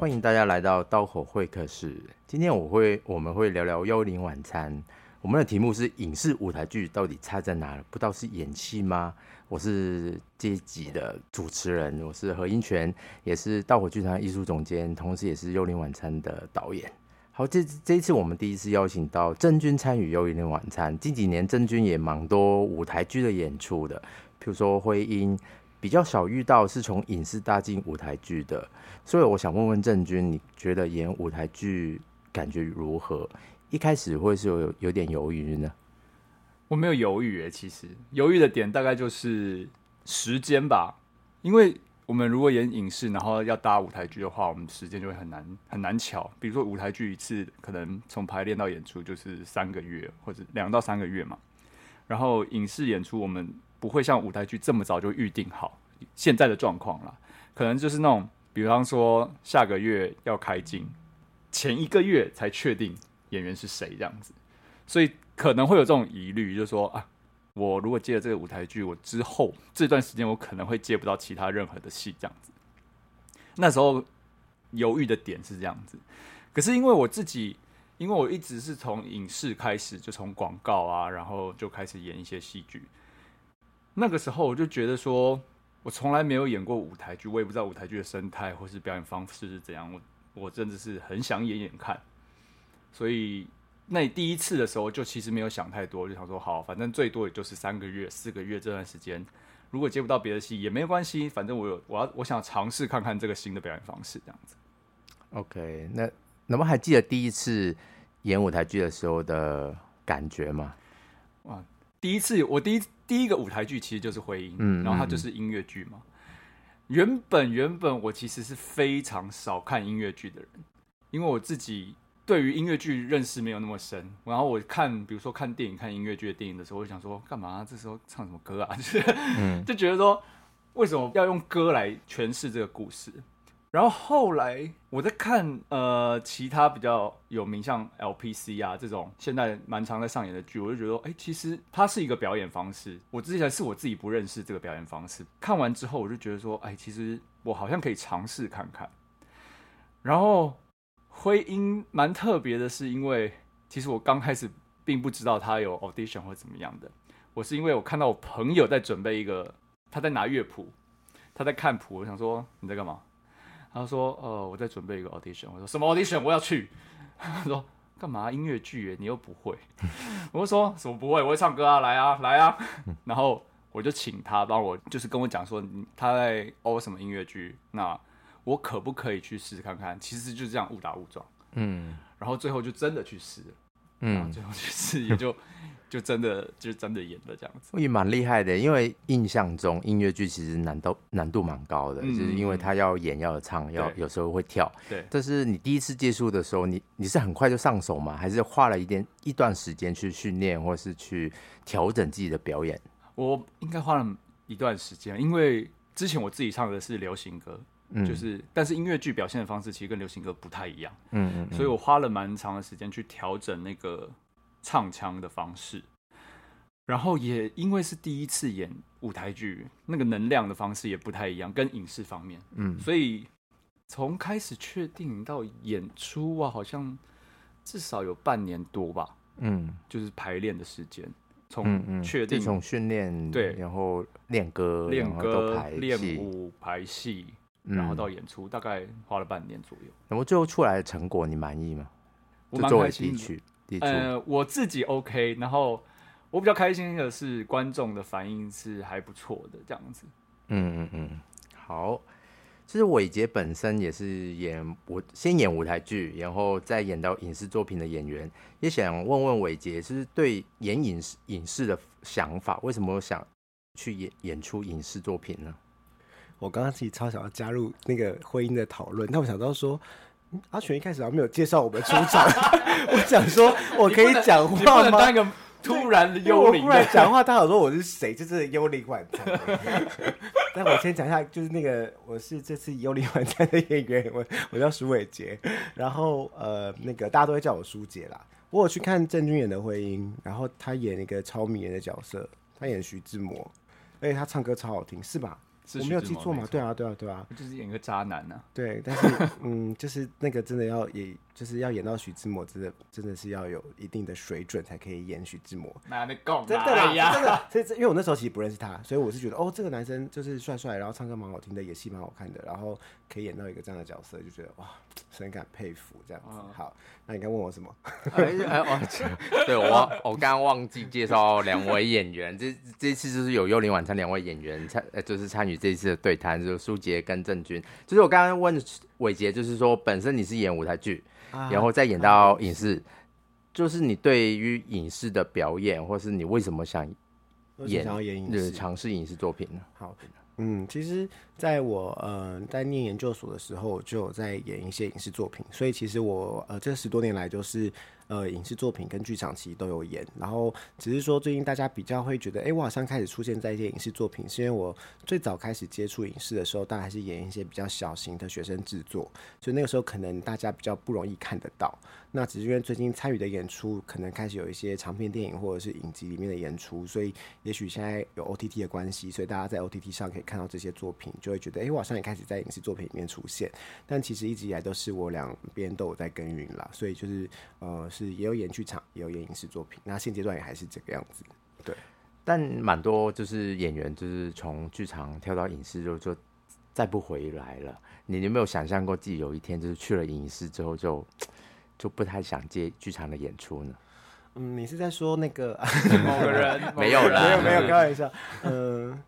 歡迎大家來到盜火會客室。今天我會我們會聊聊幽靈晚餐。我們的題目是影視、舞台劇到底差在哪？不都是演戲嗎？我是這一集的主持人，我是何應權，也是盜火劇團藝術總監，同時也是幽靈晚餐的導演。好，這這一次我們第一次邀請到政均參與幽靈晚餐。近幾年政均也蠻多舞台劇的演出的，譬如說《婚姻》。比較少遇到是從影視搭進舞台劇的，所以我想問問政均，你覺得演舞台劇感覺如何？一開始會是有有點猶豫呢？我沒有猶豫誒、欸，其實猶豫的點大概就是時間吧，因為我們如果演影視，然後要搭舞台劇的話，我們時間就會很難很難喬。比如說舞台劇一次可能從排練到演出就是三個月或者兩到三個月嘛，然後影視演出我們。不會像舞台劇這麼早就預定好現在的狀況了，可能就是那種，比方說下個月要開鏡，前一個月才確定演員是誰這樣子，所以可能會有這種疑慮，就是說啊，我如果接了這個舞台劇，我之後這段時間我可能會接不到其他任何的戲這樣子。那時候猶豫的點是這樣子，可是因為我自己，因為我一直是從影視開始，就從廣告啊，然後就開始演一些戲劇。那個時候我就覺得說，我從來沒有演過舞台劇，我也不知道舞台劇的生態或是表演方式是怎樣。我我真的是很想演演看，所以那你第一次的時候就其實沒有想太多，就想說好，反正最多也就是三個月、四個月這段時間，如果接不到別的戲也沒關係，反正我有我要我想嘗試看看這個新的表演方式這樣子。OK，那能不能還記得第一次演舞台劇的時候的感覺嗎？哇、啊，第一次我第一。第一個舞台劇其實就是《回音》，嗯，然後它就是音樂劇嘛。嗯、原本原本我其實是非常少看音樂劇的人，因為我自己對於音樂劇認識沒有那麼深。然後我看，比如說看電影、看音樂劇的電影的時候，我就想說，幹嘛啊、這時候唱什麼歌啊？就是、嗯、就覺得說為什麼要用歌來詮釋這個故事？然後後來我在看，呃，其他比較有名像、啊，像 LPC 啊這種現在蠻常在上演的劇，我就覺得說，哎、欸，其實它是一個表演方式。我之前是我自己不認識這個表演方式，看完之後我就覺得說，哎、欸，其實我好像可以嘗試看看。然後灰鷹蠻特別的，是因為其實我剛開始並不知道它有 audition 或怎麼樣的，我是因為我看到我朋友在準備一個，他在拿樂譜，他在看譜，我想說你在幹嘛？他說：“呃，我在準備一個 audition。”我說：“什麼 audition？我要去。”他說：“幹嘛啊？音樂劇欸？你又不會。” 我就說：“什麼不會？我會唱歌啊！來啊，來啊！” 然後我就請他幫我，就是跟我講說，他在哦什麼音樂劇，那我可不可以去試試看看？其實就是這樣誤打誤撞，嗯，然後最後就真的去試了。嗯，最後就，就是也就就真的就真的演了這樣子，也蠻厲害的。因為印象中音樂劇其實難度難度蠻高的，嗯、就是因為他要演要唱，對要有時候會跳。對，但是你第一次接觸的時候，你你是很快就上手嗎？還是花了一點一段時間去訓練，或是去調整自己的表演？我應該花了一段時間，因為之前我自己唱的是流行歌。嗯、就是，但是音樂劇表現的方式其實跟流行歌不太一樣，嗯,嗯,嗯，所以我花了蠻長的時間去調整那個唱腔的方式，然後也因為是第一次演舞台劇，那個能量的方式也不太一樣，跟影視方面，嗯，所以從開始確定到演出啊，好像至少有半年多吧，嗯，就是排練的時間，從確定從訓練對然，然後練歌練歌排練舞排戲。嗯、然後到演出，大概花了半年左右。那麼最後出來的成果，你滿意嗎？我蠻開心。呃，我自己 OK，然後我比較開心的是觀眾的反應是還不錯的這樣子。嗯嗯嗯，好。其實偉傑本身也是演舞，我先演舞台劇，然後再演到影視作品的演員。也想問問偉傑，其實對演影視影視的想法，為什麼想去演演出影視作品呢？我剛剛自己超想要加入那個婚姻的討論，但我想到說、嗯，阿全一開始還沒有介紹我們出場， 我想說我可以講話嗎？當一個突然幽的幽靈，突然講話，他好說我是誰？這是幽靈晚餐。那 我先講一下，就是那個我是這次幽靈晚餐的演員，我我叫舒偉傑，然後呃那個大家都會叫我舒傑啦。我有去看政均演的婚姻，然後他演一個超迷人的角色，他演徐志摩，而且他唱歌超好聽，是吧？我沒有記錯嘛？錯對啊，對啊，對啊！就是演個渣男吶、啊。對， 但是嗯，就是那個真的要也，也就是要演到徐志摩，真的真的是要有一定的水準才可以演徐志摩。哪來的真的呀，真的。哎、呀 這個，因為我那時候其實不認識他，所以我是覺得，哦，這個男生就是帥帥，然後唱歌蠻好聽的，演戲蠻好看的，然後可以演到一個這樣的角色，就覺得哇，深感佩服這樣子。好，那你該問我什麼？對我，我剛剛忘記介紹兩位演員。 這這一次就是有《幽靈晚餐》兩位演員參，呃，就是參與。這一次的對談就是舒杰跟政均，就是我剛剛問的偉杰，就是說本身你是演舞台劇，啊、然後再演到影視，啊啊、是就是你對於影視的表演，或是你為什麼想演，想演影視嘗試影視作品呢？好，嗯，其實在我呃在念研究所的時候，就有在演一些影視作品，所以其實我呃這十多年來就是。呃，影視作品跟劇場其實都有演，然後只是說最近大家比較會覺得，哎，我好像開始出現在一些影視作品，是因為我最早開始接觸影視的時候，當然還是演一些比較小型的學生製作，所以那個時候可能大家比較不容易看得到。那只是因為最近參與的演出，可能開始有一些長片電影或者是影集裡面的演出，所以也許現在有 OTT 的關係，所以大家在 OTT 上可以看到這些作品，就會覺得，哎，我好像也開始在影視作品裡面出現。但其實一直以來都是我兩邊都有在耕耘啦，所以就是呃。是，也有演劇場，也有演影視作品。那現階段也還是這個樣子。對，但蠻多就是演員，就是從劇場跳到影視之後，就就再不回來了。你有沒有想象過自己有一天就是去了影視之後就，就就不太想接劇場的演出呢？嗯，你是在說那個、啊、 某個人？ 人沒有了， 沒有沒有，開玩笑。嗯、 呃，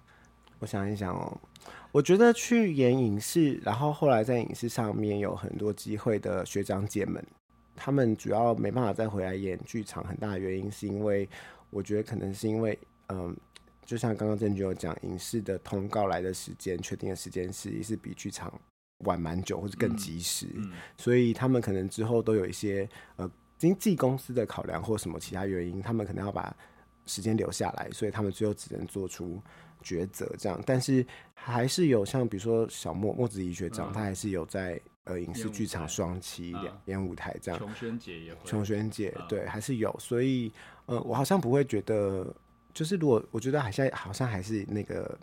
我想一想哦，我覺得去演影視，然後後來在影視上面有很多機會的學長姐們。他們主要沒辦法再回來演劇場，很大的原因是因為我覺得可能是因為，嗯，就像剛剛政均有講，影視的通告來的時間確定的時間是也是比劇場晚蠻久，或者更及時，所以他們可能之後都有一些呃經紀公司的考量或什麼其他原因，他們可能要把時間留下來，所以他們最後只能做出抉擇這樣。但是還是有像比如說小莫莫子儀學長，他還是有在。呃，影視劇場雙棲演舞台這樣，啊、瓊軒姐也會，瓊軒姐對還是有，所以呃，我好像不會覺得，就是如果我覺得好像好像還是那個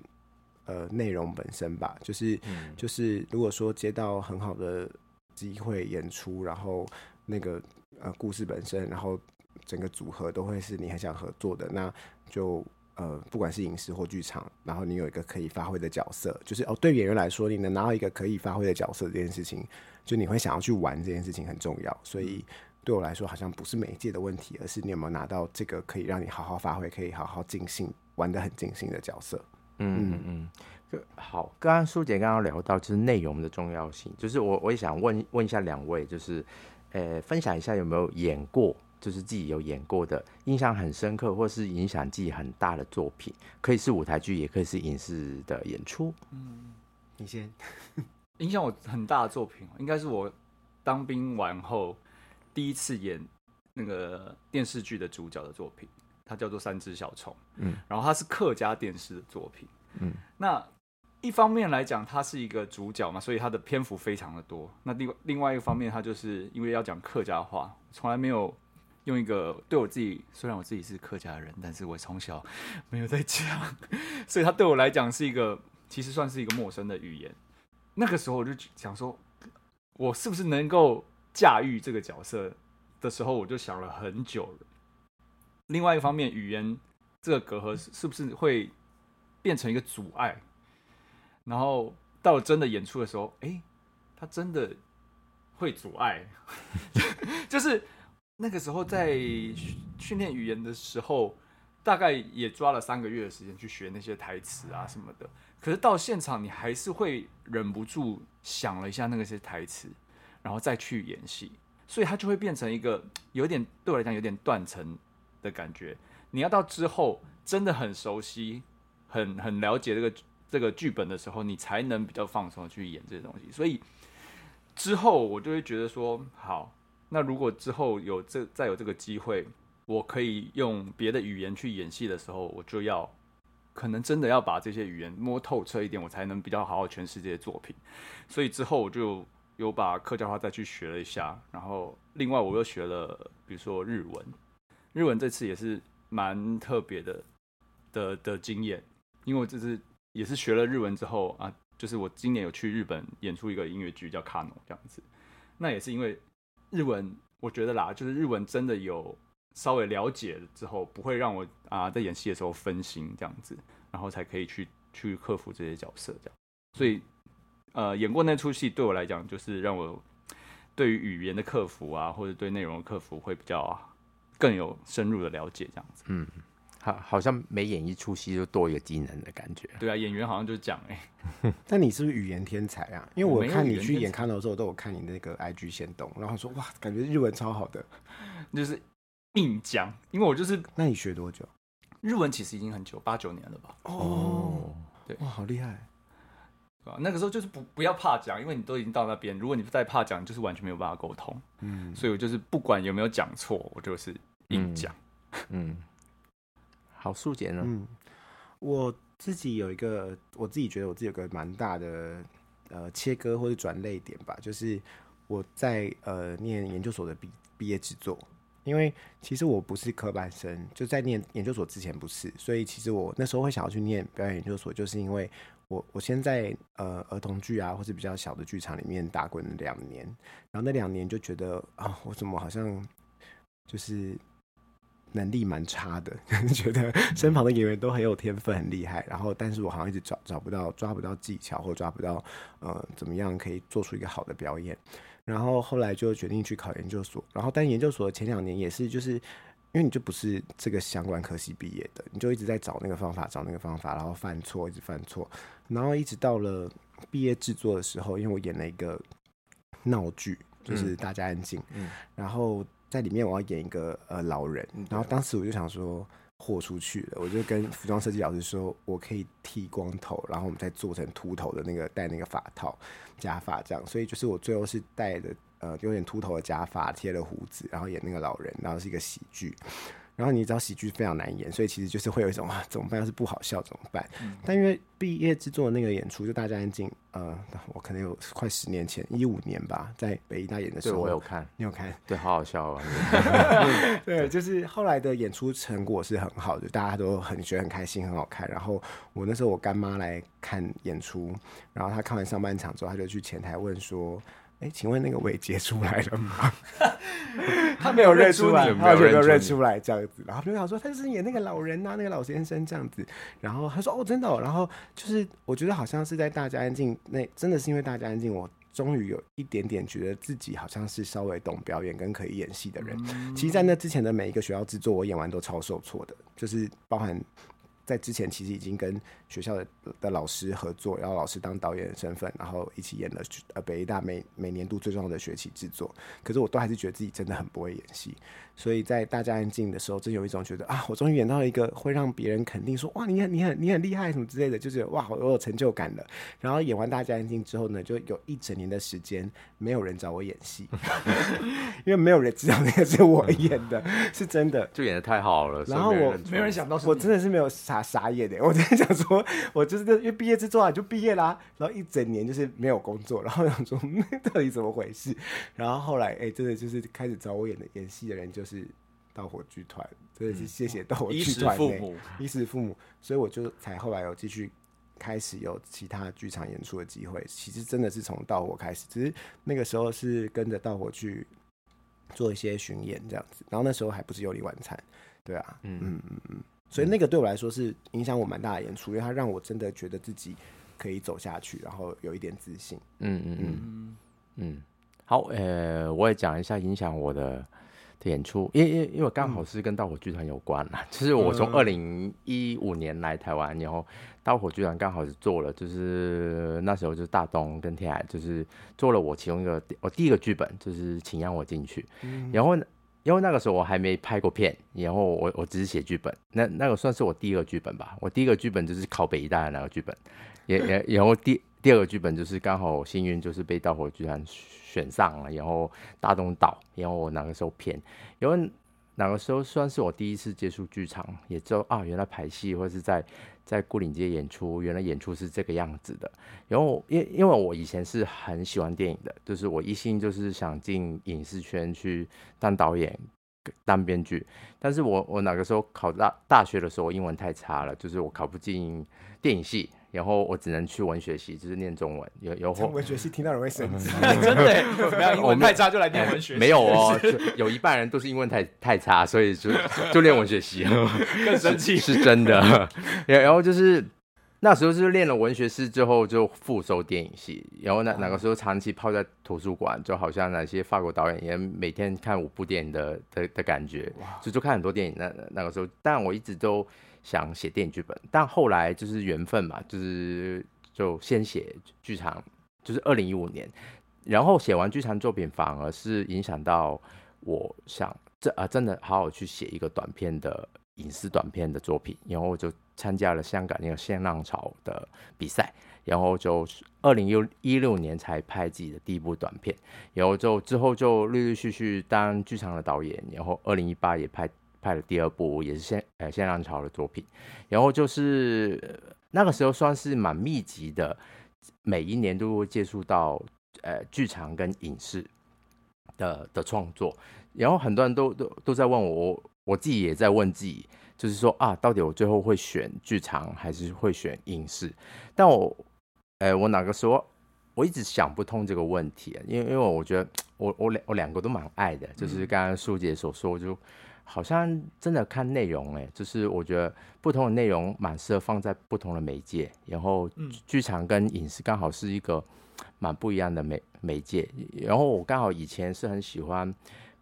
呃內容本身吧，就是就是如果說接到很好的機會演出，然後那個呃故事本身，然後整個組合都會是你很想合作的，那就。呃，不管是影視或劇場，然後你有一個可以發揮的角色，就是哦，對演員來說，你能拿到一個可以發揮的角色這件事情，就你會想要去玩這件事情很重要。所以對我來說，好像不是媒介的問題，而是你有沒有拿到這個可以讓你好好發揮、可以好好盡興、玩得很盡興的角色。嗯嗯嗯就，好。剛剛舒傑剛剛聊到就是內容的重要性，就是我我也想問問一下兩位，就是呃，分享一下有沒有演過。就是自己有演過的印象很深刻，或是影響自己很大的作品，可以是舞台劇，也可以是影視的演出。嗯，你先影響我很大的作品，應該是我當兵完後第一次演那個電視劇的主角的作品，它叫做《三隻小蟲》。嗯，然後它是客家電視的作品。嗯，那一方面來講，它是一個主角嘛，所以它的篇幅非常的多。那另另外一方面，它就是因為要講客家話，從來沒有。用一個對我自己，雖然我自己是客家人，但是我從小沒有在講，所以他對我來講是一個，其實算是一個陌生的語言。那個時候我就想說，我是不是能夠駕馭這個角色的時候，我就想了很久了。另外一方面，語言這個隔閡是不是會變成一個阻礙？然後到了真的演出的時候，哎，他真的會阻礙， 就是。那個時候在訓練語言的時候，大概也抓了三個月的時間去學那些台詞啊什麼的。可是到現場，你還是會忍不住想了一下那些台詞，然後再去演戲，所以它就會變成一個有點對我來講有點斷層的感覺。你要到之後真的很熟悉、很很了解這個這個劇本的時候，你才能比較放鬆去演這些東西。所以之後我就會覺得說好。那如果之後有這再有這個機會，我可以用別的語言去演戲的時候，我就要可能真的要把這些語言摸透徹一點，我才能比較好好詮釋這些作品。所以之後我就有把客家話再去學了一下，然後另外我又學了，比如說日文。日文這次也是蠻特別的的的經驗，因為我這次也是學了日文之後啊，就是我今年有去日本演出一個音樂劇叫《卡農》這樣子，那也是因為。日文，我覺得啦，就是日文真的有稍微了解之後，不會讓我啊、呃、在演戲的時候分心這樣子，然後才可以去去克服這些角色這樣。所以，呃，演過那出戲對我來講，就是讓我對於語言的克服啊，或者對內容的克服會比較、啊、更有深入的了解這樣子。嗯。好，好像每演一齣戲就多一個技能的感覺。對啊，演員好像就是講哎、欸。那 你是不是語言天才啊？因為我看你去演看的時候，我有我都有看你那個 IG 先動，然後說哇，感覺日文超好的，就是硬講。因為我就是，那你學多久？日文其實已經很久，八九年了吧？哦，對，哇，好厲害！那個時候就是不不要怕講，因為你都已經到那邊，如果你再怕講，就是完全沒有辦法溝通。嗯，所以我就是不管有沒有講錯，我就是硬講、嗯。嗯。好數簡了。嗯，我自己有一個，我自己覺得我自己有一個蠻大的呃切割或者轉類點吧，就是我在呃念研究所的畢畢業制作，因為其實我不是科班生，就在念研究所之前不是，所以其實我那時候會想要去念表演研究所，就是因為我我先在呃兒童劇啊，或是比較小的劇場裡面打滾了兩年，然後那兩年就覺得啊、哦，我怎麼好像就是。能力蠻差的， 覺得身旁的演員都很有天分，很厲害。然後，但是我好像一直找找不到，抓不到技巧，或者抓不到，呃，怎麼樣可以做出一個好的表演。然後後來就決定去考研究所。然後，但研究所前兩年也是，就是因為你就不是這個相關科系畢業的，你就一直在找那個方法，找那個方法，然後犯錯，一直犯錯。然後一直到了畢業製作的時候，因為我演了一個鬧劇，就是大家安靜。嗯，嗯。然後。在裡面我要演一個呃老人，然後當時我就想說豁出去了，我就跟服裝設計老師說，我可以剃光頭，然後我們再做成禿頭的那個戴那個髮套假髮這樣，所以就是我最後是戴的呃有點禿頭的假髮，貼了鬍子，然後演那個老人，然後是一個喜劇。然後你知道喜劇非常難演，所以其實就是會有一種啊，怎麼辦？要是不好笑怎麼辦？嗯、但因為畢業制作的那個演出，就大家安靜。呃，我可能有快十年前，一五年吧，在北藝大演的時候，對，我有看，你有看？對，好好笑啊！ 對，就是後來的演出成果是很好，的，就是，大家都很覺得很開心，很好看。然後我那時候我乾媽來看演出，然後她看完上半場之後，她就去前台問說。哎、欸，請問那個偉杰出來了嗎？ 他沒有認出來， 他有沒有認出來這？ 出來這樣子，然後朋友說他就是演那個老人吶、啊，那個老先生這樣子。然後他說哦，真的、哦。然後就是我覺得好像是在大家安靜，那真的是因為大家安靜，我終於有一點點覺得自己好像是稍微懂表演跟可以演戲的人。嗯、其實，在那之前的每一個學校製作，我演完都超受挫的，就是包含。在之前其實已經跟學校的老師合作，然後老師當導演的身份，然後一起演了呃北大每每年度最重要的學期制作。可是我都還是覺得自己真的很不會演戲。所以在大家安靜的時候，真有一種覺得啊，我終於演到了一個會讓別人肯定說哇，你很你很你很厲害什麼之類的，就是哇，我有成就感了。然後演完大家安靜之後呢，就有一整年的時間沒有人找我演戲， 因為沒有人知道那個是我演的，是真的， 就演的太好了。然後我沒人想到，我真的是沒有傻傻演的，欸，我真的想說，我就是因為畢業製作啊就畢業啦，然後一整年就是沒有工作，然後想說那，嗯、到底怎麼回事？然後後來哎、欸，真的就是開始找我演的演戲的人就是。是盜火劇團，真的是謝謝盜火劇團衣食父母，所以我就才後來有繼續開始有其他劇場演出的機會。其實真的是從盜火開始，只是那個時候是跟着盜火去做一些巡演，這樣子。然後那時候還不是幽靈晚餐，對啊，嗯嗯嗯，所以那個對我來說是影響我蠻大的演出，因為它讓我真的覺得自己可以走下去，然後有一點自信。嗯嗯嗯嗯，嗯，好，呃，我也講一下影響我的。演出，因因因為剛好是跟盜火劇團有關啦，嗯、就是我從二零一五年來台灣，嗯、然後盜火劇團剛好是做了，就是那時候就是大東跟天海就是做了我其中一個我第一個劇本，就是請讓我進去，嗯、然後因為那個時候我還沒拍過片，然後我我只是寫劇本，那那個算是我第一個劇本吧，我第一個劇本就是考北藝大的那個劇本，也也，也然後第。 第二個劇本就是剛好我幸運就是被盜火劇團選上了，然後大東島，然後我那個時候騙，因為那個時候算是我第一次接觸劇場，也就啊，原來排戲或是在在牯嶺街演出，原來演出是這個樣子的。然後因為因為我以前是很喜歡電影的，就是我一心就是想進影視圈去當導演、當編劇。但是我我那個時候考大大學的時候，英文太差了，就是我考不進電影系。然後我只能去文學系，就是念中文。有有文學系聽到人會生氣， 真的，我沒有英文太差就來念文學系沒、欸。沒有哦，是就有一半人都是英文太太差，所以就就練文學系，更生氣。 是真的。 然後就是那時候，是練了文學系之後，就復收電影系。然後那那個時候，長期泡在圖書館，就好像那些法國導演也每天看五部電影的的的感覺，哇就就看很多電影。那那個時候，但我一直都。想寫電影劇本，但後來就是緣分嘛，就是就先寫劇場，就是二零一五年，然後寫完劇場作品，反而是影響到我想這啊，真的好好去寫一個短片的影視短片的作品，然後我就參加了香港那個新浪潮的比賽，然後就二零一六一六年才拍自己的第一部短片，然後就之後就陸陸續續當劇場的導演，然後二零一八也拍。拍了第二部，也是新呃新浪潮的作品，然後就是那個時候算是蠻密集的，每一年都會接觸到呃劇場跟影視的的創作，然後很多人都都都在問我，我，我自己也在問自己，就是說啊，到底我最後會選劇場還是會選影視？但我，呃，我那個時候我一直想不通這個問題，因為因為我覺得我我我兩個都蠻愛的，就是剛剛舒傑所說，就。好像真的看內容哎、欸，就是我覺得不同的內容蠻適合放在不同的媒介，然後劇場跟影視剛好是一個蠻不一樣的媒媒介。嗯、然後我剛好以前是很喜歡，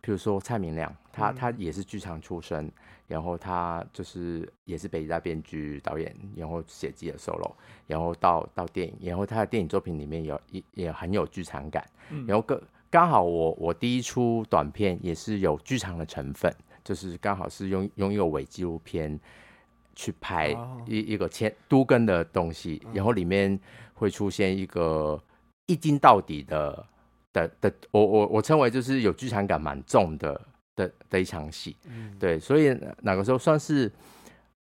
比如說蔡明亮，他他也是劇場出身，嗯、然後他就是也是北藝大編劇導演，然後寫自己的 solo，然後到到電影，然後他的電影作品裡面有也也很有劇場感，嗯、然後剛剛好我我第一出短片也是有劇場的成分。就是剛好是用用一個偽紀錄片去拍一一個前、oh. 都更的東西，然後裡面會出現一個一鏡到底的的的，我我我稱為就是有劇場感蠻重的的的一場戲，mm. 對，所以那個時候算是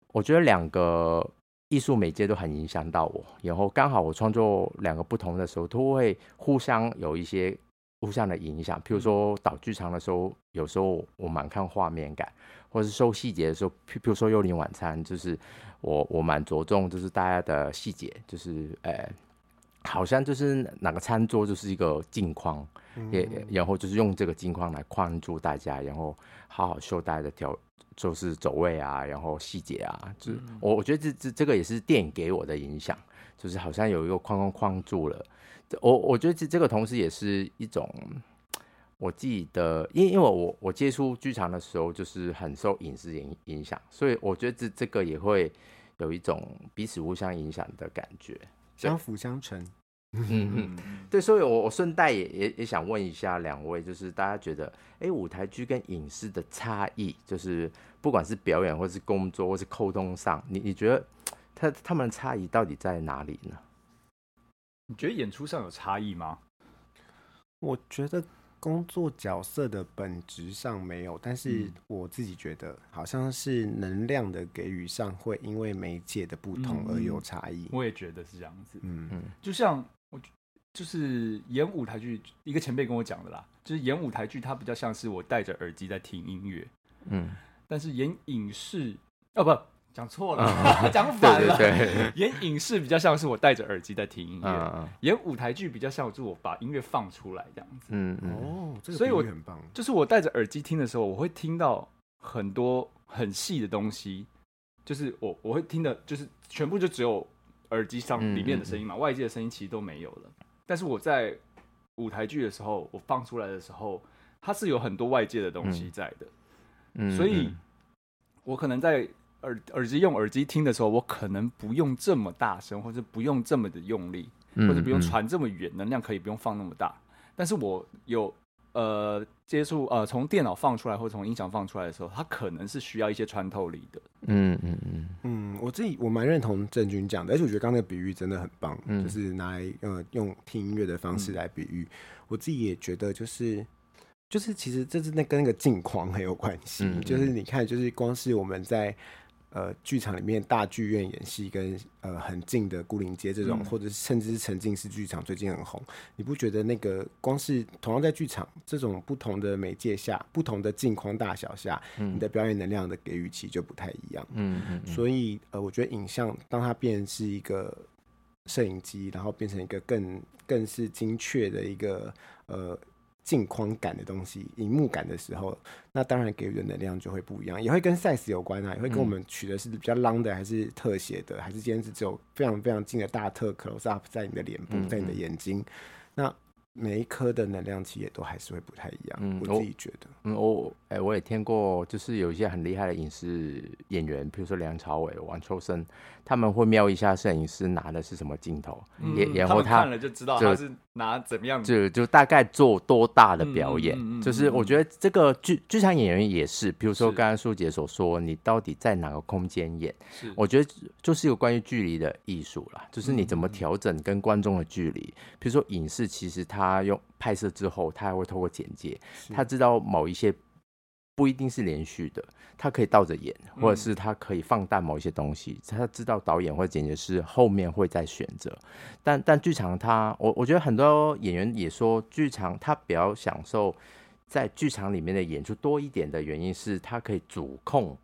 我覺得兩個藝術媒介都很影響到我，然後剛好我創作兩個不同的時候，都會互相有一些。互相的影響，譬如說導劇場的時候，嗯、有時候我蠻看畫面感，或是收細節的時候，譬譬如說《幽靈晚餐》，就是我我蠻着重，就是大家的細節，就是呃、欸、好像就是哪個餐桌就是一個鏡框，嗯嗯也然後就是用這個鏡框來框住大家，然後好好修大家的調，就是走位啊，然後細節啊，就我、嗯嗯、我覺得這這這個也是電影給我的影響。就是好像有一個框框，框住了，我我覺得這這個同時也是一種我記得，因因為我我接觸劇場的時候就是很受影視影影響，所以我覺得這這個也會有一種彼此互相影響的感覺，相輔相成、 嗯。對，所以我順帶，我我順帶也也也想問一下兩位，就是大家覺得，哎、欸，舞台劇跟影視的差異，就是不管是表演，或是工作，或是溝通上，你你覺得？他他們的差異到底在哪裡呢？你覺得演出上有差異嗎？我覺得工作角色的本質上沒有，但是我自己覺得好像是能量的給予上會因為媒介的不同而有差異。嗯，我也覺得是這樣子。嗯嗯，就像我就是演舞台劇，一個前輩跟我講的啦，就是演舞台劇，它比較像是我戴着耳機在聽音樂。嗯，但是演影視哦，不。講錯了，講、uh, 反了。對演影視比較像是我戴着耳機在聽音樂，uh, uh. 演舞台劇比較像是我把音樂放出來這樣子。嗯、uh, uh. 所以我很棒。就是我戴着耳機聽的時候，我會聽到很多很細的東西，就是我我會聽的，就是全部就只有耳機上裡面的聲音嘛，外界的聲音其實都沒有了。但是我在舞台劇的時候，我放出來的時候，它是有很多外界的東西在的。所以我可能在。耳耳機用耳機聽的時候，我可能不用這麼大聲，或者不用這麼的用力，或者不用傳這麼遠，能量可以不用放那麼大。但是我有呃接觸呃從電腦放出來或從音響放出來的時候，它可能是需要一些穿透力的。嗯嗯嗯嗯，我自己我蠻認同政均講的，而且我覺得剛才比喻真的很棒，嗯、就是拿來呃用聽音樂的方式來比喻。嗯、我自己也覺得就是就是其實這是那跟那個鏡框很有關係，嗯嗯就是你看就是光是我們在。呃，劇場裡面大劇院演戲跟呃很近的牯嶺街這種，嗯、或者是甚至是沉浸式劇場，最近很紅。你不覺得那個光是同樣在劇場這種不同的媒介下，不同的鏡框大小下，嗯、你的表演能量的給予，其實就不太一樣？嗯，嗯嗯所以呃，我覺得影像當它變成是一個攝影機，然後變成一個更更是精確的一個呃。鏡框感的東西，熒幕感的時候，那當然給予的能量就會不一樣，也會跟 size 有關啊，也會跟我們取的是比較 long 的，還是特寫的，嗯、還是今天是只有非常非常近的大特 close up 在你的臉部，嗯、在你的眼睛，嗯、那每一顆的能量其實也都還是會不太一樣。嗯、我自己覺得，嗯，我、哦欸、我也聽過，就是有一些很厲害的影視演員，比如說梁朝偉、王秋生。他們會瞄一下攝影師拿的是什麼鏡頭，嗯、然後他，就，他看了就知道他是拿怎麼樣，就就，就大概做多大的表演。嗯嗯嗯、就是我覺得這個劇劇場演員也是，比如說剛剛舒傑所說，是你到底在哪個空間演？是我覺得就是有關於距離的藝術啦。就是你怎麼調整跟觀眾的距離。嗯、比如說影視，其實他用拍攝之後，他還會透過剪接，是他知道某一些。不一定是連續的，他可以倒着演，或者是他可以放大某一些東西。嗯，他知道導演或者剪輯師後面會再選擇，但但劇場他，我我覺得很多演員也說，劇場他比較享受在劇場裡面的演出多一點的原因是他可以主控。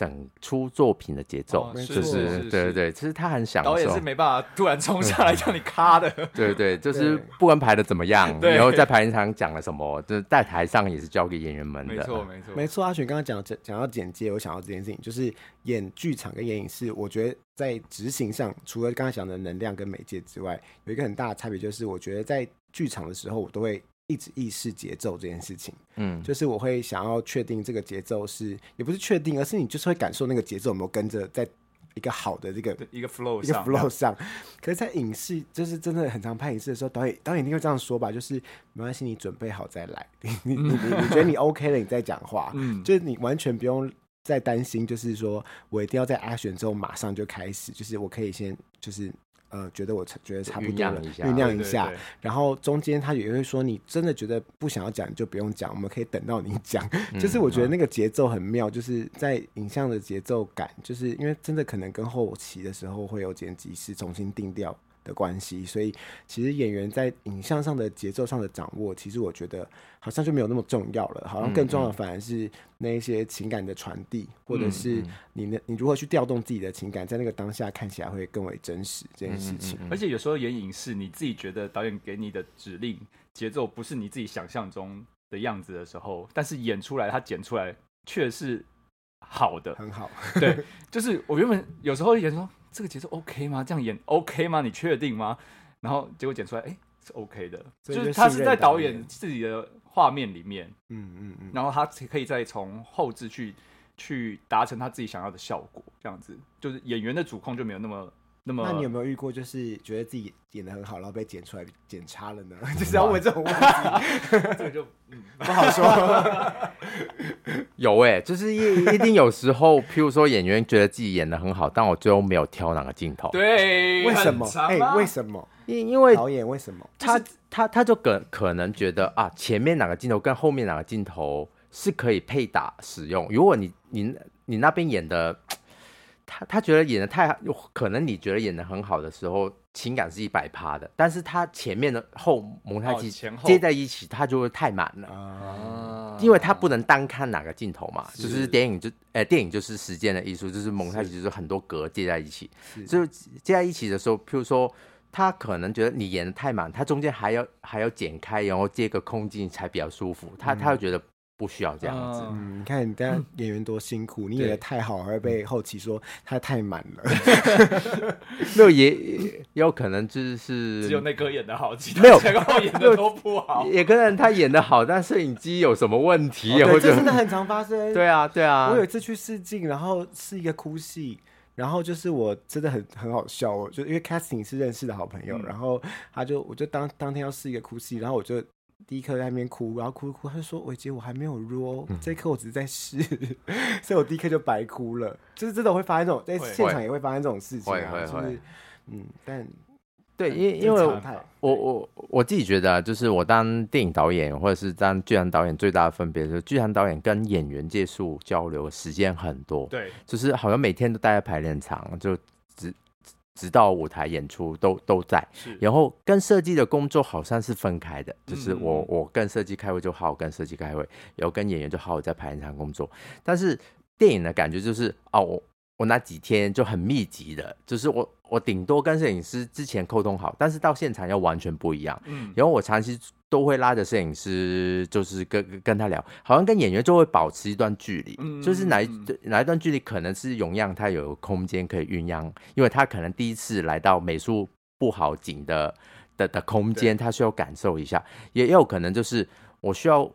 整齣作品的節奏、哦、就是對對對，是是是其實他很享受，導演也是沒辦法突然衝上來叫你咔的。嗯、對，對對，就是不管排的怎麼樣，對然後在排練場講了什麼，對就是在台上也是交給演員們的。沒錯沒錯沒錯。阿權剛剛講講講到剪接，我想到這件事情，就是演劇場跟演影視，我覺得在執行上，除了剛才講的能量跟媒介之外，有一個很大的差別，就是我覺得在劇場的時候，我都會。一直意識節奏這件事情，嗯，就是我會想要確定這個節奏是也不是確定，而是你就是會感受那個節奏有沒有跟着在一個好的這個一個 flow 一個 flow 上。Flow 上，可是，在影視就是真的很常拍影視的時候，導演導演一定會這樣說吧，就是沒關係，你準備好再來，嗯、 你你你覺得你 OK 了，你再講話，嗯、就是你完全不用再擔心，就是說我一定要在 Action 之後馬上就開始，就是我可以先就是。呃，覺得我覺得差不多了，醞釀一下，然後中間他也會說，你真的覺得不想要講你就不用講，我們可以等到你講。嗯、就是我覺得那個節奏很妙，嗯、就是在影像的節奏感，嗯、就是因為真的可能跟後期的時候會有剪輯師重新定調。的關係，所以其實演員在影像上的節奏、上的掌握，其實我覺得好像就沒有那麼重要了，好像更重要的反而是那一些情感的傳遞，嗯嗯或者是你呢，你如何去調動自己的情感，在那個當下看起來會更為真實這件事情。而且有時候演影視，你自己覺得導演給你的指令節奏不是你自己想象中的樣子的時候，但是演出來他剪出來卻是好的，很好。對， 就是我原本有時候演說。這個節奏 OK 嗎？這樣演 OK 嗎？你確定嗎？嗯、然後結果剪出來，哎，是 OK 的，就，就是他是在導演自己的畫面裡面，嗯嗯嗯，然後他可以再從後製去去達成他自己想要的效果，這樣子，就是演員的主控就沒有那麼。那你有沒有遇過，就是覺得自己演得很好，然後被剪出來剪差了呢？麼就是要問這種問題、 嗯，這就不好說。有哎、欸，就是一一定有時候， 譬如說演員覺得自己演得很好，但我最後沒有挑哪個鏡頭。對為、啊欸，為什麼？哎，為什麼？因因為導演為什麼？他他他就可可能覺得啊，前面哪個鏡頭跟後面哪個鏡頭是可以配打使用。如果你你你那邊演的。他他覺得演的太，可能你覺得演的很好的時候，情感是一百趴的，但是他前面的後蒙太奇、哦、前後接在一起，他就會太滿了啊，哦、因為他不能單看哪個鏡頭嘛，是就是電影就，呃、哎，電影就是時間的藝術，就是蒙太奇就是很多格接在一起，就是接在一起的時候，譬如說他可能覺得你演的太滿，他中間還要還要剪開，然後接個空鏡才比較舒服，嗯、他他會覺得。不需要這樣子。你看你家演員多辛苦，你演的太好，還會被後期說他太滿了。沒有也有可能就是只有那個演的好，其他幾個演的都不好。也可能他演的好，但攝影機有什麼問題？我覺得真的很常發生。對啊，對啊。我有一次去試鏡，然後是一個哭戲，然後就是我真的很很好笑，就因為 casting 是認識的好朋友，然後他就我就當當天要試一個哭戲，然後我就。第一刻在那邊哭，然後哭哭，他就說：“偉傑，我還沒有錄，嗯、這一刻我只是在試，所以我第一刻就白哭了。”就是真的會發生這種，在現場也會發生這種事情，啊，會、就是、會、就是、嗯，但對，因很因為，因為我對我我自己覺得、啊，就是我當電影導演或者是當劇場導演最大的分別，就是劇場導演跟演員接觸交流時間很多，對，就是好像每天都待在排練場，就只。直到舞台演出都都在，是然後跟設計的工作好像是分開的，就是我我跟設計開會就好好跟設計開會，然後跟演員就好好在排演場工作。但是電影的感覺就是哦。我。我那幾天就很密集的，就是我我頂多跟攝影師之前溝通好，但是到現場要完全不一樣。嗯，然後我長期都會拉着攝影師，就是跟跟他聊，好像跟演員就會保持一段距離，嗯、就是哪一、嗯、哪一段距離可能是榮樣，他有空間可以醞釀，因為他可能第一次來到美術不好景的的的空間，對他需要感受一下，也有可能就是我需要。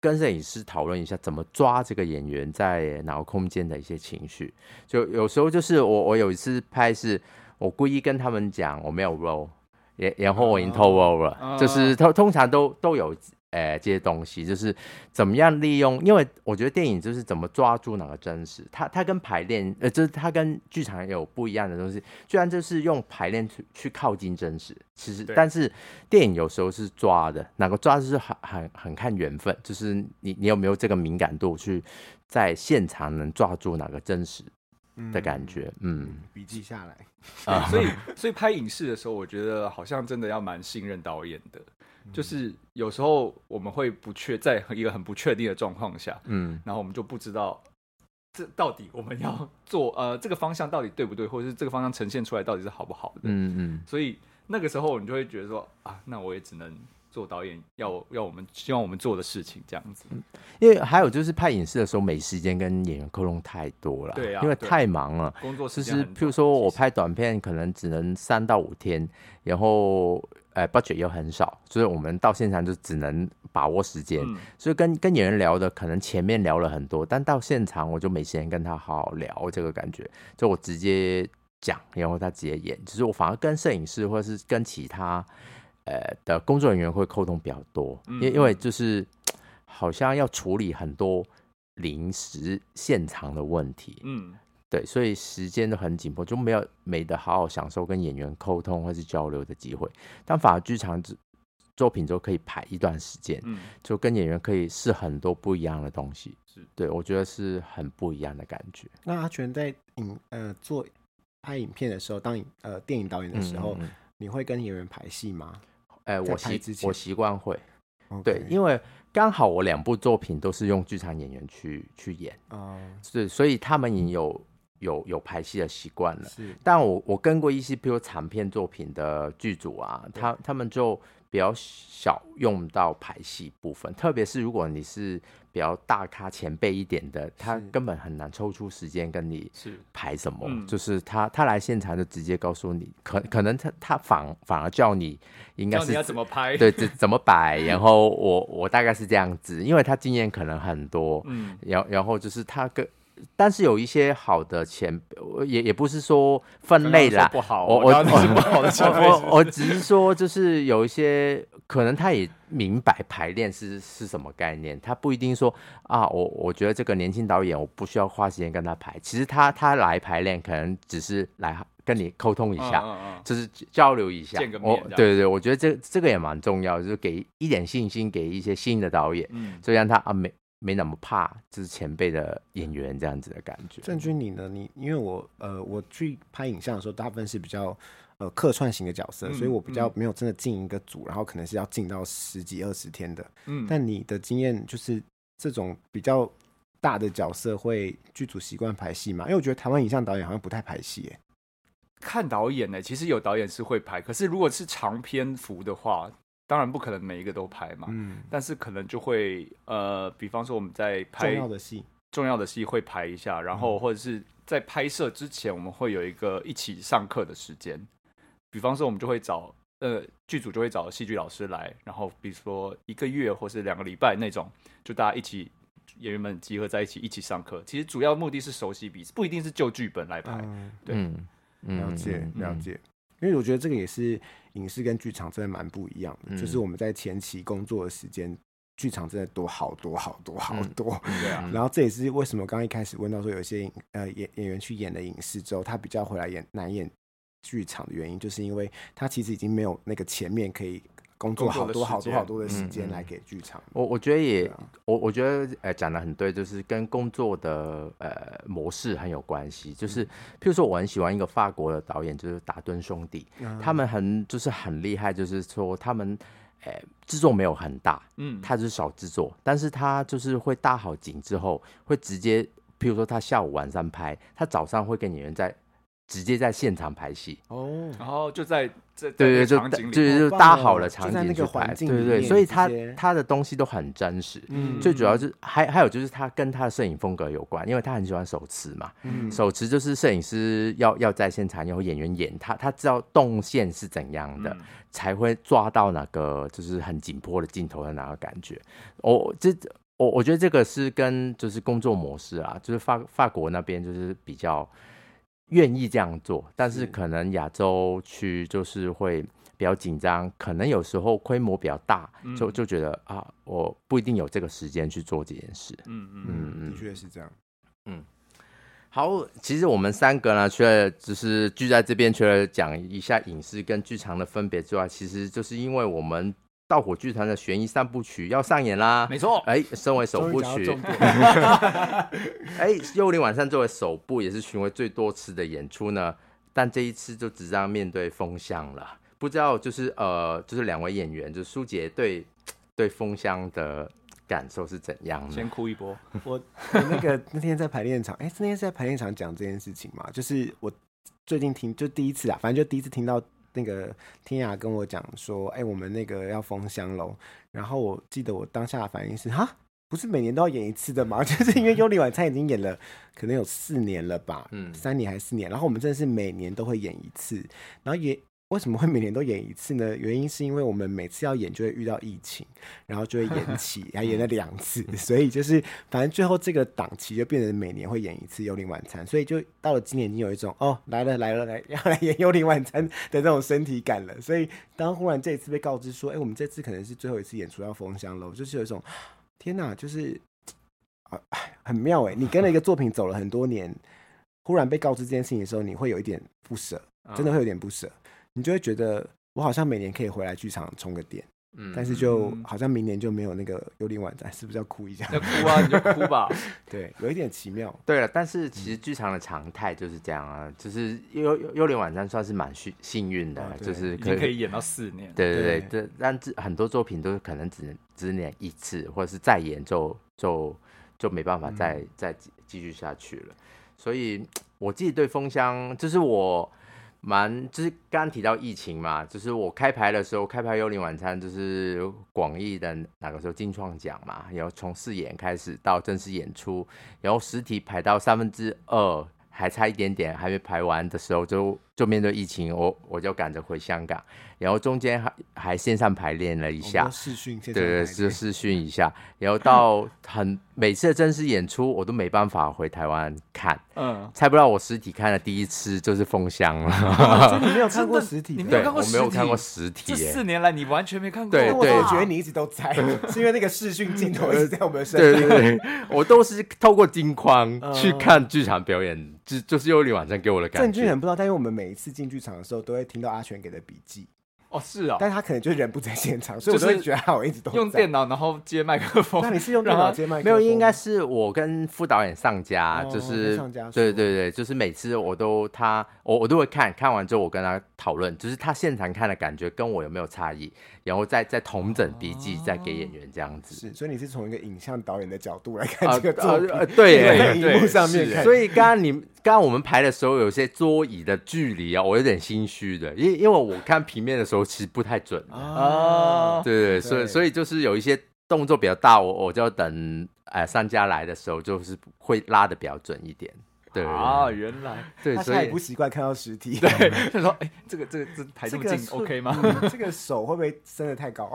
跟攝影師討論一下怎麼抓這個演員在哪個空間的一些情緒。就有時候就是我我有一次拍，是我故意跟他們講我沒有 role，也然後我已經偷 role 了，uh, uh 就是通通常都都有。哎，這些東西就是怎麼樣利用？因為我覺得電影就是怎麼抓住那個真實，它它跟排練，呃，就是它跟劇場有不一樣的東西。雖然就是用排練去去靠近真實，其實，對但是電影有時候是抓的，那個抓的是很很很看緣分，就是你你有沒有這個敏感度去在現場能抓住那個真實的感覺？嗯，嗯筆記下來。 所以所以拍影視的時候，我覺得好像真的要蠻信任導演的。就是有時候我們會不確在一個很不確定的狀況下，嗯，然後我們就不知道這到底我們要做、嗯、呃這個方向到底對不對，或者是這個方向呈現出來到底是好不好的，嗯，嗯嗯。所以那個時候你就會覺得說啊，那我也只能做導演要要我們希望我們做的事情這樣子。因為還有就是拍影視的時候沒時間跟演員溝通太多了，對啊，因為太忙了。工作室其實譬如說我拍短片可能只能三到五天，然後。呃、uh, budget 又很少，所以我們到現場就只能把握時間。嗯、所以跟跟演員聊的，可能前面聊了很多，但到現場我就沒時間跟他好好聊，這個感覺。就我直接講，然後他直接演，其實我反而跟攝影師或者是跟其他呃的工作人員會溝通比較多，因、嗯嗯、因為就是好像要處理很多臨時現場的問題，嗯。對，所以時間都很緊迫，就沒有沒得好好享受跟演員溝通或是交流的機會。但反而劇場作作品就可以排一段時間，嗯，就跟演員可以試很多不一樣的東西。是，對，我覺得是很不一樣的感覺。那阿權在影呃做拍影片的時候，當呃電影導演的時候，嗯嗯嗯，你會跟演員排戲嗎？哎、呃，我習我習慣會，Okay 對，因為剛好我兩部作品都是用劇場演員去去演，哦，是，所以他們也有。嗯有有排戲的習慣了，是，但我我跟過一些比如長片作品的劇組啊，他對他們就比較少用到排戲部分，特別是如果你是比較大咖前輩一點的，他根本很難抽出時間跟你是排什麼，是是嗯、就是他他來現場就直接告訴你，可可能他他反反而叫你應該是叫你要怎麼拍，對，怎怎麼擺，然後我 我大概是這樣子，因為他經驗可能很多，嗯，然然後就是他跟。但是有一些好的前輩，也也不是說分類啦，剛剛說不好，哦我，我 我我，我，我只是說就是有一些可能他也明白排練是是什麼概念，他不一定說，啊，我我覺得這個年輕導演我不需要花時間跟他排，其實他他來排練可能只是來跟你溝通一下，嗯嗯嗯就是交流一下，見個面這樣，我對對對，我覺得這這個也蠻重要，就是給一點信心，給一些新的導演，就讓、嗯、他啊沒。沒那麼怕，就是前輩的演員這樣子的感覺。政均，你呢？你因為我呃，我去拍影像的時候，大部分是比較呃客串型的角色，嗯、所以我比較沒有真的進一個組，嗯、然後可能是要進到十幾二十天的。嗯。但你的經驗就是這種比較大的角色會劇組習慣排戲嗎？因為我覺得台灣影像導演好像不太排戲。看導演呢、欸，其實有導演是會排，可是如果是長篇幅的話。當然不可能每一個都拍嘛，嗯，但是可能就會呃，比方說我們在拍重要的戲，重要的戲會排一下，然後或者是在拍攝之前，我們會有一個一起上課的時間。嗯、比方說，我們就會找呃劇組就會找戲劇老師來，然後比如說一個月或是兩個禮拜那種，就大家一起演員們集合在一起一起上課。其實主要目的是熟悉彼此，不一定是就劇本來拍。嗯、對、嗯，了解、嗯、了解，因為我覺得這個也是。影視跟劇場真的蠻不一樣的，嗯、就是我們在前期工作的時間，劇場真的多好多好多好多。嗯、對啊、然後這也是為什麼剛剛一開始問到說有些呃演演員去演了影視之後，他比較回來演難演劇場的原因，就是因為他其實已經沒有那個前面可以。工作好多好多好多的時間來給劇場，嗯。我我覺得也，啊、我我覺得，呃講的很對，就是跟工作的呃模式很有關係。就是譬如說，我很喜歡一個法國的導演，就是達頓兄弟，嗯、他們很就是很厲害，就是說他們哎製、呃、作沒有很大，嗯，他就是少製作，但是他就是會搭好景之後，會直接，譬如說他下午晚上拍，他早上會跟演員在。直接在現場拍戲哦，然後就在這，對對，就就就搭好了場景去拍，對對，所以他他的東西都很真實。嗯，最主要是還還有就是他跟他的攝影風格有關，因為他很喜歡手持嘛。嗯，手持就是攝影師要要在現場然後演員演，他他知道動線是怎樣的，才會抓到那個就是很緊迫的鏡頭的那個感覺。我這我我覺得這個是跟就是工作模式啊，就是法法國那邊就是比較。願意這樣做，但是可能亞洲區就是會比較緊張，嗯、可能有時候規模比較大，嗯、就就覺得啊，我不一定有這個時間去做這件事。嗯嗯嗯，嗯嗯的確是這樣。嗯，好，其實我們三個呢，除了就是聚在這邊，除了講一下影視跟劇場的分別之外，其實就是因為我們。盜火劇團的懸疑三部曲要上演啦！沒錯錯，哎、欸，身為首部曲，哎、 欸，幽靈晚餐作為首部也是巡迴最多次的演出呢。但這一次就只讓面對封箱了，不知道就是呃，就是兩位演員，就是舒傑對對封箱的感受是怎樣？先哭一波。 我、欸、那個那天在排練場，哎、欸，是那天是在排練場講這件事情嘛，就是我最近聽就第一次啊，反正就第一次聽到。那個天涯跟我講說，哎、欸，我們那個要封箱嘍。然後我記得我當下的反應是，哈，不是每年都要演一次的嗎？ 就是因為幽靈晚餐已經演了，可能有四年了吧，嗯，三年還是四年。然後我們真的是每年都會演一次，然後也。為什麼會每年都演一次呢？原因是因為我們每次要演就會遇到疫情，然後就會延期， 還演了兩次，所以就是反正最後這個檔期就變成每年會演一次《幽靈晚餐》，所以就到了今年，你有一種哦來了來了來要來演《幽靈晚餐》的那種身體感了。所以當忽然這一次被告知說，哎、欸，我們這次可能是最後一次演出要封箱了，就是有一種天哪，就是、啊、很妙哎、欸，你跟了一個作品走了很多年， 忽然被告知這件事情的時候，你會有一點不舍，真的會有點不舍。Uh huh. 你就會覺得我好像每年可以回來劇場充個電，嗯，但是就好像明年就沒有那個幽靈晚餐，是不是要哭一下？要哭啊，你就哭吧。 對，有一點奇妙。對了，但是其實劇場的常態就是這樣啊，就是幽幽幽靈晚餐算是蠻幸幸運的、啊，啊、就是可，可以演到四年。對對對，對，對，但很多作品都可能只只演一次，或者是再演就就就沒辦法再、嗯、再繼續下去了。所以，我自己對封箱，就是我。蠻就是剛剛提到疫情嘛，就是我開排的時候，開排《幽靈晚餐》就是廣藝的那個時候金創獎嘛，然後從試演開始到正式演出，然後實體排到三分之二，3, 還差一點點還沒排完的時候就。就面對疫情，我我就趕着回香港，然後中間還還線上排練了一下，對對對，就視訊一下，然後到很每次的正式演出，我都沒辦法回台灣看，嗯，猜不到我實體看的第一次就是封箱了。你沒有看過實體，你沒有看過實體，沒有看過實體，四年來你完全沒看過，對對，我覺得你一直都在，是因為那個視訊鏡頭一直在我們的身邊，對對，我都是透過金框去看劇場表演，就就是幽靈晚餐給我的感覺，政均很不知道，但因為我們每每次進劇場的時候，都會聽到阿權給的筆記哦，是啊、哦，但他可能就是人不在現場，所以我都會覺得他我一直都用電腦，然後接麥克風。那你是用電腦接麥克風？後克風沒有，應該是我跟副導演上家，哦、就是上家，對對對，就是每次我都他，我我都會看看完之後，我跟他討論，就是他現場看的感覺跟我有沒有差異，然後再再統整筆記，再給演員這樣子。啊、是，所以你是從一個影像導演的角度來看這個、啊啊，對，對，對，對螢幕上面。是所以剛剛你。 剛我們排的時候，有些桌椅的距離啊，我有點心虛的，因為因為我看平面的時候其實不太準啊，對、哦、對，所以對所以就是有一些動作比較大，我我就要等呃商家來的時候，就是會拉的比較準一點。啊，原來對，所以他也不習慣看到實體。對，他說：“哎，這個這個這台這個 OK 嗎？這個手會不會伸的太高？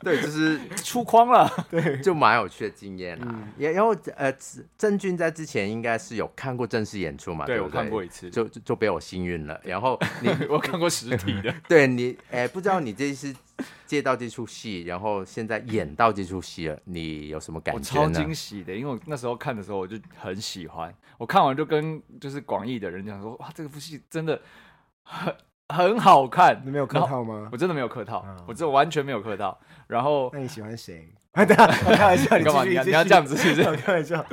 對，就是出框了。對，就蠻有趣的經驗啊。也然後呃，政均在之前應該是有看過正式演出嘛？對，我看過一次，就就比較幸運了。然後你我看過實體的，對你哎，不知道你這次。”接到這出戲，然後現在演到這出戲了，你有什麼感覺呢？我超驚喜的，因為我那時候看的時候我就很喜歡，我看完就跟就是廣藝的人講說，哇，這部戲真的很很好看。你沒有客套嗎？我真的沒有客套，哦、我這完全沒有客套。然後那你喜歡誰？哎，等下，開玩笑， 你幹嘛？你要，你要這樣子開玩笑。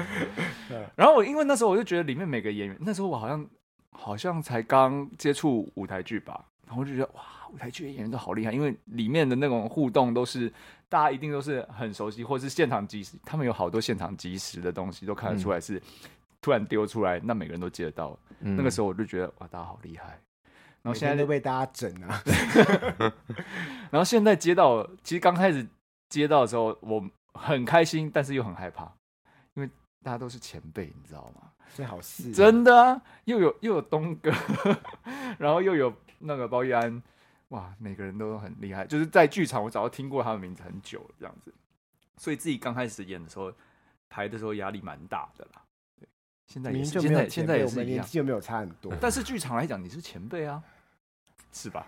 然後我因為那時候我就覺得裡面每個演員，那時候我好像好像才剛接觸舞台劇吧，然後我就覺得哇。舞台劇的演員都好厲害，因為裡面的那種互動都是大家一定都是很熟悉，或者是現場即時，他們有好多現場即時的東西都看得出來是，是、嗯、突然丟出來，那每個人都接得到。嗯、那個時候我就覺得哇，大家好厲害，然後現在都被大家整了、啊。 然後現在接到，其實剛開始接到的時候我很開心，但是又很害怕，因為大家都是前輩，你知道嗎？最好是真的、啊，又有又有東哥， 然後又有那個鮑奕安。哇，每個人都很厲害，就是在劇場，我早就聽過他的名字很久了這樣子，所以自己剛開始演的時候，排的時候壓力蠻大的啦。對，現在也是年紀現在，現在我們年紀沒有差很多，但是劇場來講，你是前輩啊，是吧？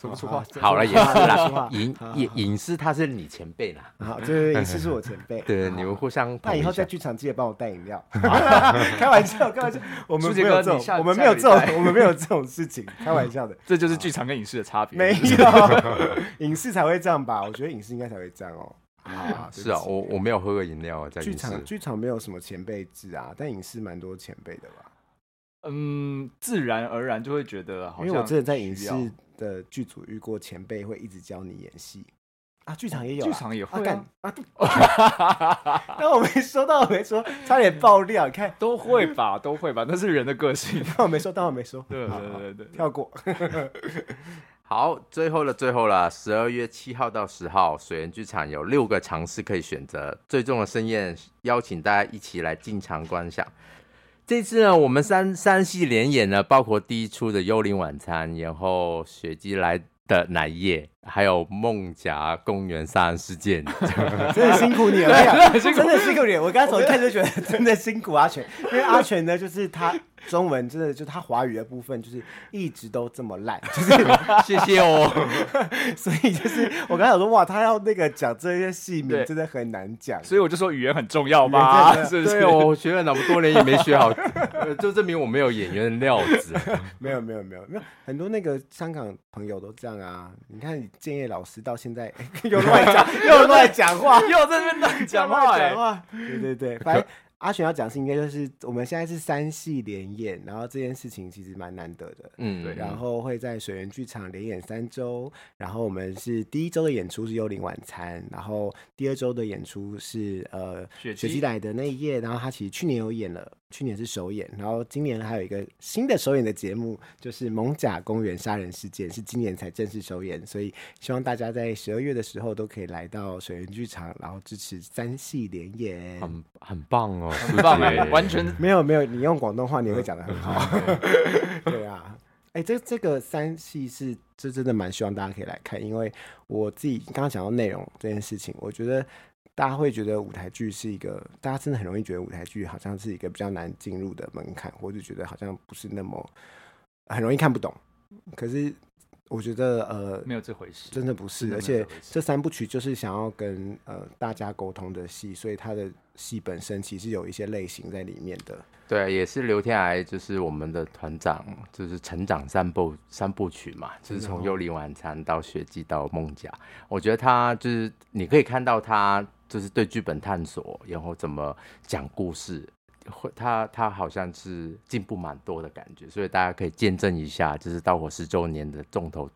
說不出話好了，影視啦，影影影視他是你前輩啦，好，就是影視是我前輩，對，你們互相。那以後在劇場記得幫我帶飲料，開玩笑，開玩笑，我們沒有這種，我們沒有這種，我們沒有這種事情，開玩笑的，這就是劇場跟影視的差別，沒有，影視才會這樣吧？我覺得影視應該才會這樣哦。啊，是啊，我我沒有喝過飲料在劇場，劇場沒有什麼前輩制啊，但影視蠻多前輩的吧？嗯，自然而然就會覺得好像。因為我真的在影視。的劇組遇過前輩會一直教你演戲啊，劇場也有，劇場也會啊。但我沒說到，我沒說，我沒說，差點爆料，你看都會， 都會吧，都會吧，那是人的個性啊。但 我沒說，但我沒說，對對對對，跳過。 好，最後的最後了，十二月七號到十號，水源劇場有六個場次可以選擇，最終的盛宴，邀請大家一起來進場觀賞。這次呢，我們三三系聯演呢，包括第一出的《幽靈晚餐》，然後雪姬來的《奶液》。還有夢夾公園殺人事件。真的辛苦你了，真的辛苦你。我剛才從一開始就覺得真的辛苦、就是、阿全，因為阿全呢，就是他中文真的就他華語的部分就是一直都這麼爛，就是謝謝哦。 所以就是我剛想說哇，他要那個講這些戲名真的很難講，所以我就說語言很重要嘛，對對對，是不是，對，我學了那麼多年也沒學好， 就證明我沒有演員的料子。沒有，沒有，沒有，沒有，很多那個香港朋友都這樣啊，你看你。建業老師到現在又亂講，又亂講話 對又在那邊亂講話 話欸。對對對，反正 阿璇要講是應該就是，我們現在是三戲連演，然後這件事情其實蠻難得的。嗯，嗯，對，然後會在水源劇場連演三周，然後我們是第一周的的演出是《幽靈晚餐》雞，然後第二周的演出是呃雪雪姬來的那一夜，然後她其實去年有演了。去年是首演，然後今年還有一個新的首演的節目，就是《艋舺公園殺人事件》，是今年才正式首演，所以希望大家在十二月的時候都可以來到水源劇場，然後支持三戲連演，很很棒哦，很棒，的完全 沒有沒有，你用廣東話你會講得很好，對啊，哎、欸，這這個三戲是，這真的蠻希望大家可以來看，因為我自己剛剛講到內容這件事情，我覺得。大家會覺得舞台劇是一個，大家真的很容易覺得舞台劇好像是一個比較難進入的門檻，或者覺得好像不是那麼很容易看不懂，可是我覺得，呃，沒有這回事，真的不是。而且這三部曲就是想要跟呃大家溝通的戲，所以它的。戲本身其實有一些類型在裡面的，對、啊，也是劉天愛，就是我們的團長，就是成長三部三部曲嘛，嗯、就是從《幽靈晚餐》到《血跡》到《夢甲》，嗯，我覺得他就是你可以看到他就是對劇本探索，然後怎麼講故事，他他好像是進步蠻多的感覺，所以大家可以見證一下，就是《盜火》十週年的重頭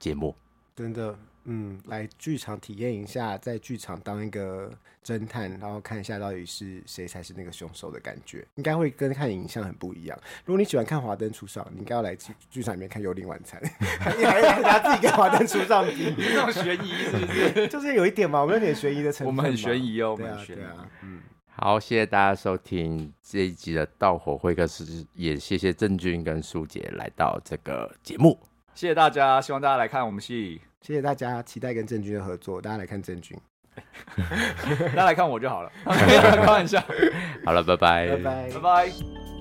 節目，真的。嗯，來劇場體驗一下，在劇場當一個偵探，然後看一下到底是誰才是那個凶手的感覺，應該會跟看影像很不一樣。如果你喜歡看華燈初上，你應該要來劇劇場裡面看《幽靈晚餐》， 你還要拿自己跟華燈初上比，這種懸疑是，不是 就是有一點嘛，我們有點懸疑的成分嘛。我們很懸疑哦，我們懸疑、啊啊。嗯，好，謝謝大家收聽這一集的《盜火會客室》，也謝謝政均跟舒傑來到這個節目。謝謝大家，希望大家來看我們戲。謝謝大家，期待跟政均的合作。大家來看政均， 大家來看我就好了。開玩笑，好了，拜拜，拜拜，拜拜。